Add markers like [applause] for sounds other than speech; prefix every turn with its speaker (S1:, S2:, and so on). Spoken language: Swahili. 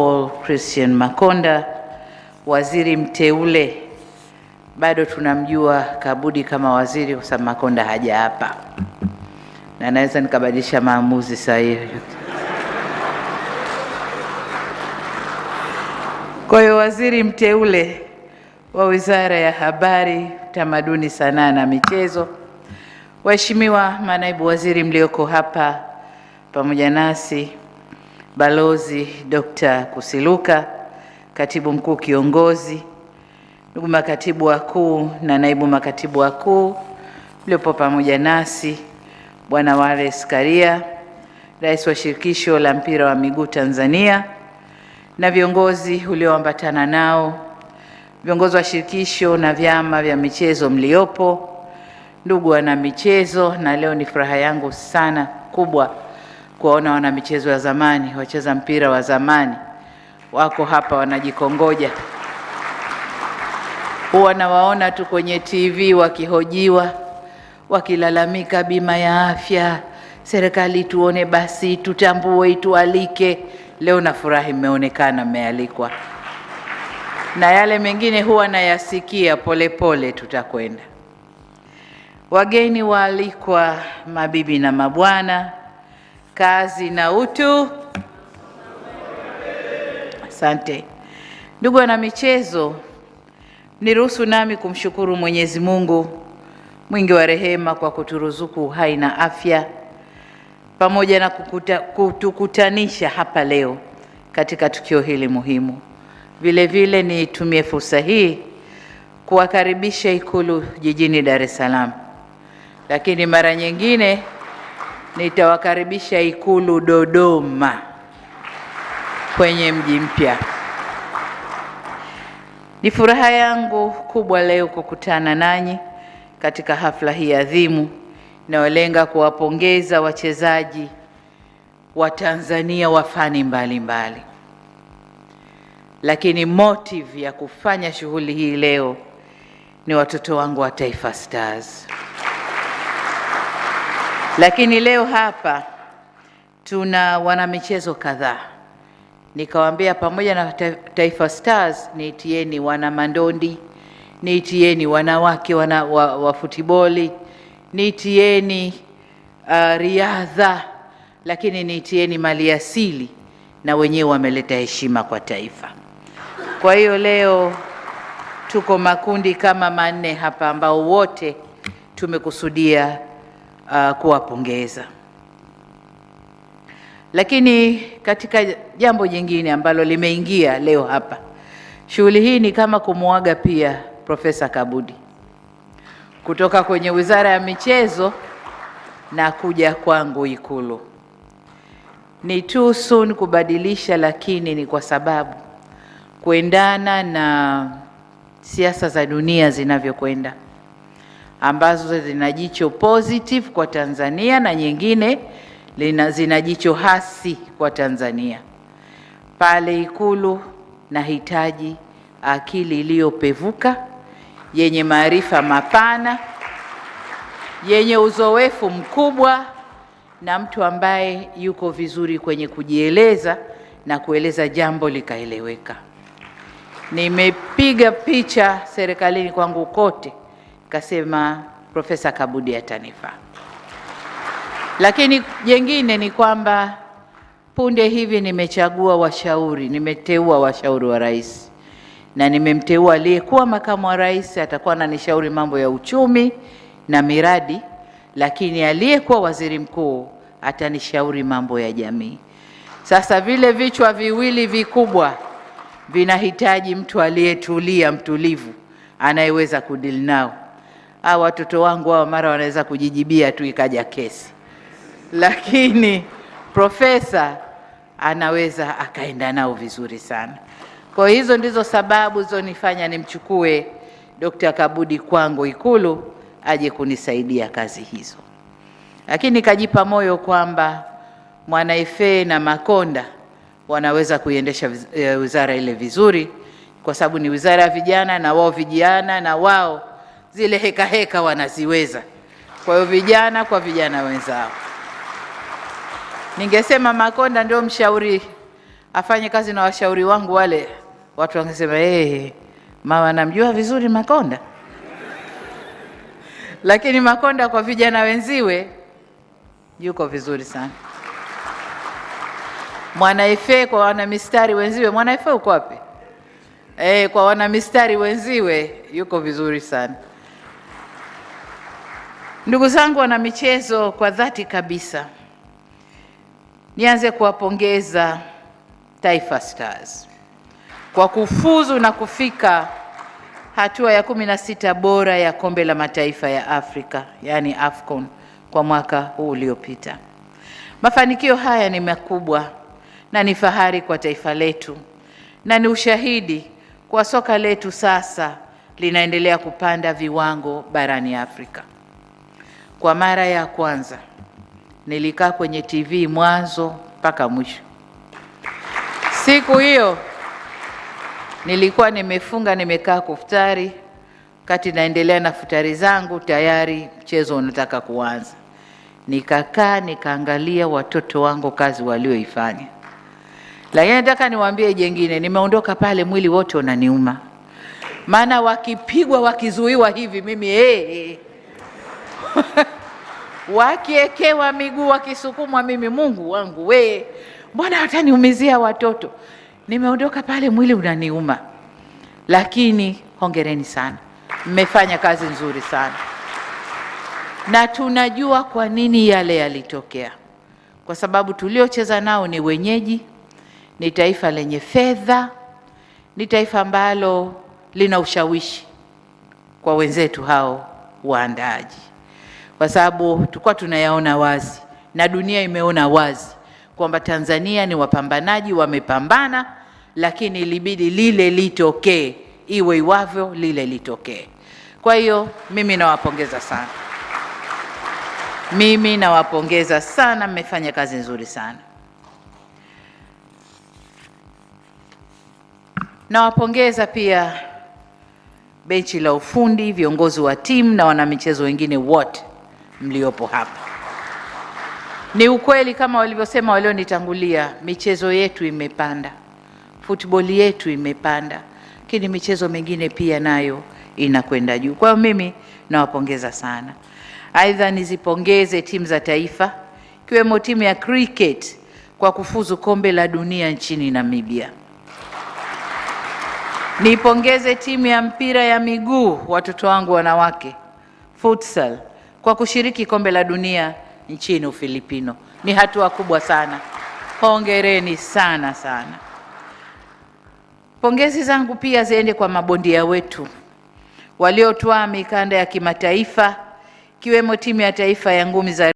S1: Paul Christian Makonda, waziri mteule. Bado tunamjua Kabudi kama waziri kwa sababu Makonda haja hapa, na naweza nikabadilisha maamuzi sahihi. Kwa hiyo waziri mteule wa Wizara ya Habari, tamaduni Sanaa na Michezo, waheshimiwa manaibu waziri mlioko hapa pamoja nasi Balozi Dr. Kusiluka, katibu mkuu kiongozi, ndugu makatibu wakuu na naibu makatibu wakuu mliopo pamoja nasi, Bwana Wallace Karia, rais wa shirikisho la mpira wa miguu Tanzania, na viongozi ulioambatana nao, viongozi wa shirikisho na vyama vya michezo mliopo, ndugu wana michezo, na leo ni furaha yangu sana kubwa kuwaona wanamichezo wa zamani, wacheza mpira wa zamani wako hapa wanajikongoja. Huwa nawaona tu kwenye TV wakihojiwa, wakilalamika bima ya afya, serikali tuone basi, tutambue, itualike. Leo nafurahi mmeonekana, mmealikwa na yale mengine huwa nayasikia polepole, tutakwenda. Wageni waalikwa, mabibi na mabwana, kazi na utu. Asante ndugu wana michezo, niruhusu nami kumshukuru Mwenyezi Mungu mwingi wa rehema kwa kuturuzuku uhai na afya pamoja na kukuta, kutukutanisha hapa leo katika tukio hili muhimu. Vilevile nitumie fursa hii kuwakaribisha Ikulu jijini Dar es Salaam, lakini mara nyingine nitawakaribisha Ikulu Dodoma kwenye mji mpya. Ni furaha yangu kubwa leo kukutana nanyi katika hafla hii adhimu inayolenga kuwapongeza wachezaji wa Tanzania wa fani mbalimbali, lakini motive ya kufanya shughuli hii leo ni watoto wangu wa Taifa Stars. Lakini leo hapa tuna wanamichezo kadhaa, nikawaambia pamoja na Taifa Stars niitieni wana mandondi, niitieni wanawake wana, wa, wa futiboli, niitieni uh, riadha, lakini niitieni maliasili, na wenyewe wameleta heshima kwa taifa. Kwa hiyo leo tuko makundi kama manne hapa ambao wote tumekusudia uh, kuwapongeza. Lakini katika jambo jingine ambalo limeingia leo hapa, shughuli hii ni kama kumuaga pia Profesa Kabudi kutoka kwenye Wizara ya Michezo na kuja kwangu Ikulu. Ni too soon kubadilisha, lakini ni kwa sababu kuendana na siasa za dunia zinavyokwenda ambazo zina jicho positive kwa Tanzania na nyingine zina jicho hasi kwa Tanzania. Pale Ikulu nahitaji akili iliyopevuka yenye maarifa mapana yenye uzoefu mkubwa na mtu ambaye yuko vizuri kwenye kujieleza na kueleza jambo likaeleweka. Nimepiga picha serikalini kwangu kote kasema Profesa Kabudi atanifaa. Lakini jengine ni kwamba punde hivi nimechagua washauri, nimeteua washauri wa rais na nimemteua aliyekuwa makamu wa rais, atakuwa ananishauri mambo ya uchumi na miradi, lakini aliyekuwa waziri mkuu atanishauri mambo ya jamii. Sasa vile vichwa viwili vikubwa vinahitaji mtu aliyetulia, mtulivu, anayeweza kudili nao au ah, watoto wangu hao mara wanaweza kujijibia tu ikaja kesi, lakini profesa anaweza akaenda nao vizuri sana. Kwa hizo ndizo sababu zilizonifanya nimchukue Dr. Kabudi kwangu Ikulu aje kunisaidia kazi hizo, lakini kajipa moyo kwamba Mwanaifei na Makonda wanaweza kuiendesha eh, wizara ile vizuri, kwa sababu ni wizara ya vijana na wao vijana na wao zile hekaheka heka wanaziweza. Kwa hiyo vijana kwa vijana wenzao, ningesema Makonda ndio mshauri, afanye kazi na washauri wangu wale. Watu wangesema hey, eh, mama namjua vizuri Makonda lakini Makonda kwa vijana wenziwe yuko vizuri sana. Mwanaife kwa wanamistari wenziwe, Mwanaife uko wapi? Eh, kwa wanamistari wenziwe yuko vizuri sana. Ndugu zangu wana michezo, kwa dhati kabisa nianze kuwapongeza Taifa Stars kwa kufuzu na kufika hatua ya kumi na sita bora ya kombe la mataifa ya Afrika yaani AFCON kwa mwaka huu uliopita. Mafanikio haya ni makubwa na ni fahari kwa taifa letu na ni ushahidi kwa soka letu sasa linaendelea kupanda viwango barani Afrika. Kwa mara ya kwanza nilikaa kwenye TV mwanzo mpaka mwisho. Siku hiyo nilikuwa nimefunga, nimekaa kuftari, kati naendelea na futari zangu, tayari mchezo unataka kuanza. Nikakaa nikaangalia watoto wangu kazi walioifanya, lakini nataka niwaambie jengine, nimeondoka pale mwili wote unaniuma, maana wakipigwa wakizuiwa hivi mimi hey, eh, eh. hey. [laughs] wakiekewa miguu wakisukumwa, mimi Mungu wangu we, mbona wataniumizia watoto? Nimeondoka pale mwili unaniuma, lakini hongereni sana, mmefanya kazi nzuri sana, na tunajua kwa nini yale yalitokea, kwa sababu tuliocheza nao ni wenyeji, ni taifa lenye fedha, ni taifa ambalo lina ushawishi kwa wenzetu hao waandaaji kwa sababu tulikuwa tunayaona wazi na dunia imeona wazi kwamba Tanzania ni wapambanaji, wamepambana, lakini ilibidi lile litokee, iwe iwavyo, lile litokee. Kwa hiyo mimi nawapongeza sana, mimi nawapongeza sana, mmefanya kazi nzuri sana. Nawapongeza pia benchi la ufundi, viongozi wa timu na wanamichezo wengine wote mliopo hapa. Ni ukweli kama walivyosema walionitangulia, michezo yetu imepanda, futboli yetu imepanda, lakini michezo mingine pia nayo inakwenda juu. Kwa hiyo mimi nawapongeza sana. Aidha, nizipongeze timu za taifa ikiwemo timu ya cricket kwa kufuzu kombe la dunia nchini Namibia. Nipongeze timu ya mpira ya miguu, watoto wangu wanawake futsal kwa kushiriki kombe la dunia nchini Ufilipino. Ni hatua kubwa sana, hongereni sana sana. Pongezi zangu pia ziende kwa mabondia wetu waliotwaa mikanda ya kimataifa ikiwemo timu ya taifa ya ngumi za